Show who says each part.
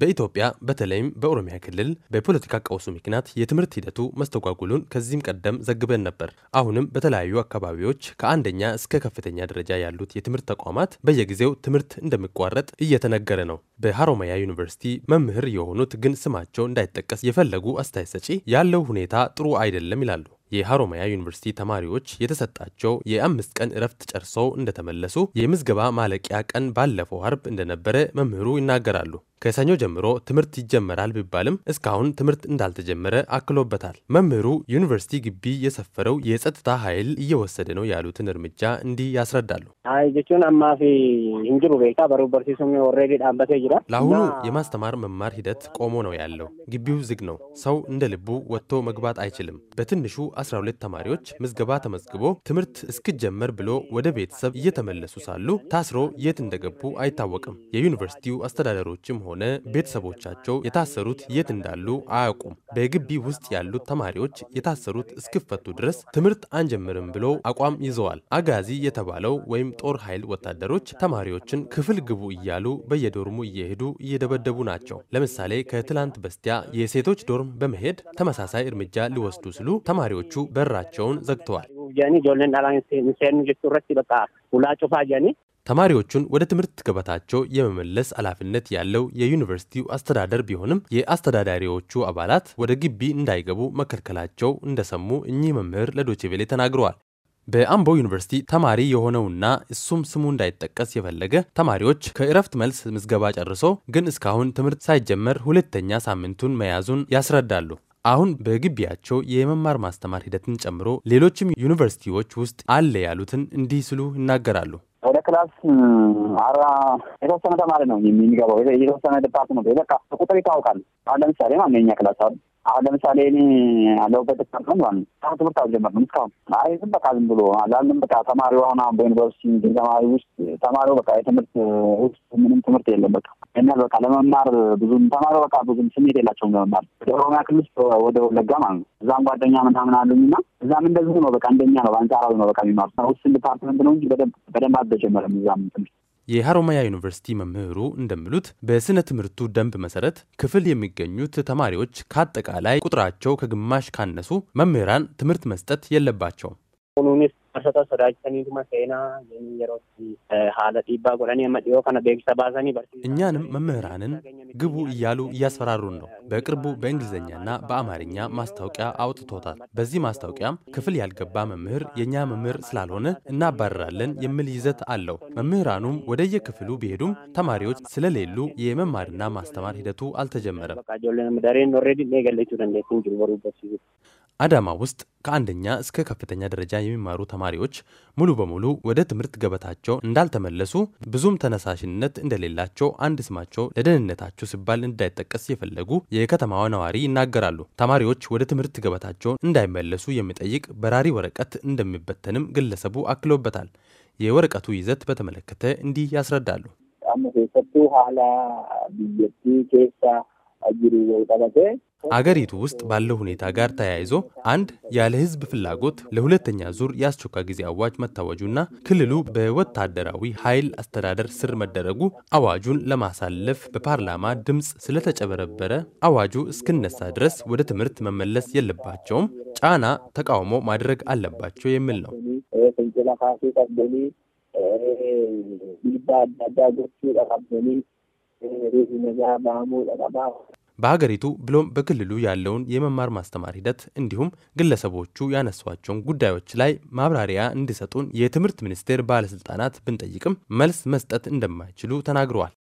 Speaker 1: በኢትዮጵያ በተለይም በኦሮሚያ ክልል በፖለቲካ ቀውሱ ምክንያት የትምህርት ሂደቱ መስተጓጉሉን ከዚህም ቀደም ዘግበን ነበር። አሁንም በተለያዩ አካባቢዎች ከአንደኛ እስከ ከፍተኛ ደረጃ ያሉት የትምህርት ተቋማት በየጊዜው ትምህርት እንደሚቋረጥ እየተነገረ ነው። በሀሮማያ ዩኒቨርሲቲ መምህር የሆኑት ግን ስማቸው እንዳይጠቀስ የፈለጉ አስተያየት ሰጪ ያለው ሁኔታ ጥሩ አይደለም ይላሉ። የሀሮማያ ዩኒቨርሲቲ ተማሪዎች የተሰጣቸው የአምስት ቀን እረፍት ጨርሰው እንደተመለሱ የምዝገባ ማለቂያ ቀን ባለፈው አርብ እንደነበረ መምህሩ ይናገራሉ። ከሰኞ ጀምሮ ትምህርት ይጀመራል ቢባልም እስካሁን ትምህርት እንዳልተጀመረ አክሎበታል። መምህሩ ዩኒቨርሲቲ ግቢ የሰፈረው የጸጥታ ኃይል እየወሰደ ነው ያሉትን እርምጃ እንዲህ ያስረዳሉ። ለአሁኑ የማስተማር መማር ሂደት ቆሞ ነው ያለው። ግቢው ዝግ ነው። ሰው እንደ ልቡ ወጥቶ መግባት አይችልም። በትንሹ 12 ተማሪዎች ምዝገባ ተመዝግቦ ትምህርት እስክጀመር ብሎ ወደ ቤተሰብ እየተመለሱ ሳሉ ታስሮ የት እንደገቡ አይታወቅም። የዩኒቨርሲቲው አስተዳደሮችም ሆነ ቤተሰቦቻቸው የታሰሩት የት እንዳሉ አያውቁም። በግቢ ውስጥ ያሉት ተማሪዎች የታሰሩት እስክፈቱ ድረስ ትምህርት አንጀምርም ብለው አቋም ይዘዋል። አጋዚ የተባለው ወይም ጦር ኃይል ወታደሮች ተማሪዎችን ክፍል ግቡ እያሉ በየዶርሙ እየሄዱ እየደበደቡ ናቸው። ለምሳሌ ከትላንት በስቲያ የሴቶች ዶርም በመሄድ ተመሳሳይ እርምጃ ሊወስዱ ስሉ ተማሪዎቹ በራቸውን ዘግተዋል። ተማሪዎቹን ወደ ትምህርት ገበታቸው የመመለስ ኃላፊነት ያለው የዩኒቨርሲቲው አስተዳደር ቢሆንም የአስተዳዳሪዎቹ አባላት ወደ ግቢ እንዳይገቡ መከልከላቸው እንደሰሙ እኚህ መምህር ለዶቼቬሌ ተናግረዋል። በአምቦ ዩኒቨርሲቲ ተማሪ የሆነውና እሱም ስሙ እንዳይጠቀስ የፈለገ ተማሪዎች ከእረፍት መልስ ምዝገባ ጨርሶ ግን እስካሁን ትምህርት ሳይጀመር ሁለተኛ ሳምንቱን መያዙን ያስረዳሉ። አሁን በግቢያቸው የመማር ማስተማር ሂደትን ጨምሮ ሌሎችም ዩኒቨርሲቲዎች ውስጥ አለ ያሉትን እንዲህ ስሉ ይናገራሉ።
Speaker 2: ወደ ክላስ አራ የተወሰነ ተማሪ ነው የሚገባው። የተወሰነ ዲፓርትመንት በቃ ቁጥር ይታወቃል። አሁን ለምሳሌ ማነኛ ክላስ አሉ አሁን ለምሳሌ እኔ ያለሁበት ዲፓርትመንት ማለት ነው ትምህርት አልጀመርንም እስካሁን። አይ ዝም በቃ ዝም ብሎ አላልንም። በቃ ተማሪው አሁን አሁን በዩኒቨርሲቲ ተማሪ ውስጥ ተማሪው በቃ የትምህርት ውስጥ ምንም ትምህርት የለም። በቃ እናል በቃ ለመማር ብዙም ተማሪው በቃ ብዙም ስሜት የላቸውም ለመማር። ወደ ኦሮሚያ ክልል ውስጥ ወደ ወለጋ ማለት ነው እዛም ጓደኛ ምናምን አሉኝ እና እዛም እንደዚህ ነው። በቃ እንደኛ ነው፣ በአንጻራዊ ነው በቃ የሚማሩ ውስን ዲፓርትመንት ነው እንጂ በደንብ
Speaker 1: አልተጀመረም እዛም ትምህርት የሀሮማያ ዩኒቨርሲቲ መምህሩ እንደሚሉት በስነ ትምህርቱ ደንብ መሰረት ክፍል የሚገኙት ተማሪዎች ከአጠቃላይ ቁጥራቸው ከግማሽ ካነሱ መምህራን ትምህርት መስጠት የለባቸውም።
Speaker 2: Barsiisota sodaachisaniituma seenaa yeroo eh, haala dhiibbaa godhanii amma dhiyoo kana beeksisa baasanii barsiisa.
Speaker 1: እኛንም መምህራንን ግቡ እያሉ እያስፈራሩን ነው። በቅርቡ በእንግሊዝኛና በአማርኛ ማስታወቂያ አውጥቶታል። በዚህ ማስታወቂያም ክፍል ያልገባ መምህር የእኛ መምህር ስላልሆነ እናባረራለን የሚል ይዘት አለው። መምህራኑም ወደየክፍሉ ቢሄዱም ተማሪዎች ስለሌሉ የመማርና ማስተማር ሂደቱ አልተጀመረም። አዳማ ውስጥ ከአንደኛ እስከ ከፍተኛ ደረጃ የሚማሩ ተማሪ ተማሪዎች ሙሉ በሙሉ ወደ ትምህርት ገበታቸው እንዳልተመለሱ ብዙም ተነሳሽነት እንደሌላቸው አንድ ስማቸው ለደህንነታቸው ሲባል እንዳይጠቀስ የፈለጉ የከተማዋ ነዋሪ ይናገራሉ። ተማሪዎች ወደ ትምህርት ገበታቸው እንዳይመለሱ የሚጠይቅ በራሪ ወረቀት እንደሚበተንም ግለሰቡ አክሎበታል። የወረቀቱ ይዘት በተመለከተ እንዲህ ያስረዳሉ።
Speaker 2: ሰቱ ሀላ ብየቲ ኬሳ አጅሩ ወይጠበቴ
Speaker 1: አገሪቱ ውስጥ ባለው ሁኔታ ጋር ተያይዞ አንድ ያለ ህዝብ ፍላጎት ለሁለተኛ ዙር የአስቸኳይ ጊዜ አዋጅ መታወጁና ክልሉ በወታደራዊ ኃይል አስተዳደር ስር መደረጉ አዋጁን ለማሳለፍ በፓርላማ ድምፅ ስለተጨበረበረ አዋጁ እስክነሳ ድረስ ወደ ትምህርት መመለስ የለባቸውም፣ ጫና ተቃውሞ ማድረግ አለባቸው የሚል ነው። በሀገሪቱ ብሎም በክልሉ ያለውን የመማር ማስተማር ሂደት እንዲሁም ግለሰቦቹ ያነሷቸውን ጉዳዮች ላይ ማብራሪያ እንዲሰጡን የትምህርት ሚኒስቴር ባለስልጣናት ብንጠይቅም መልስ መስጠት እንደማይችሉ ተናግረዋል።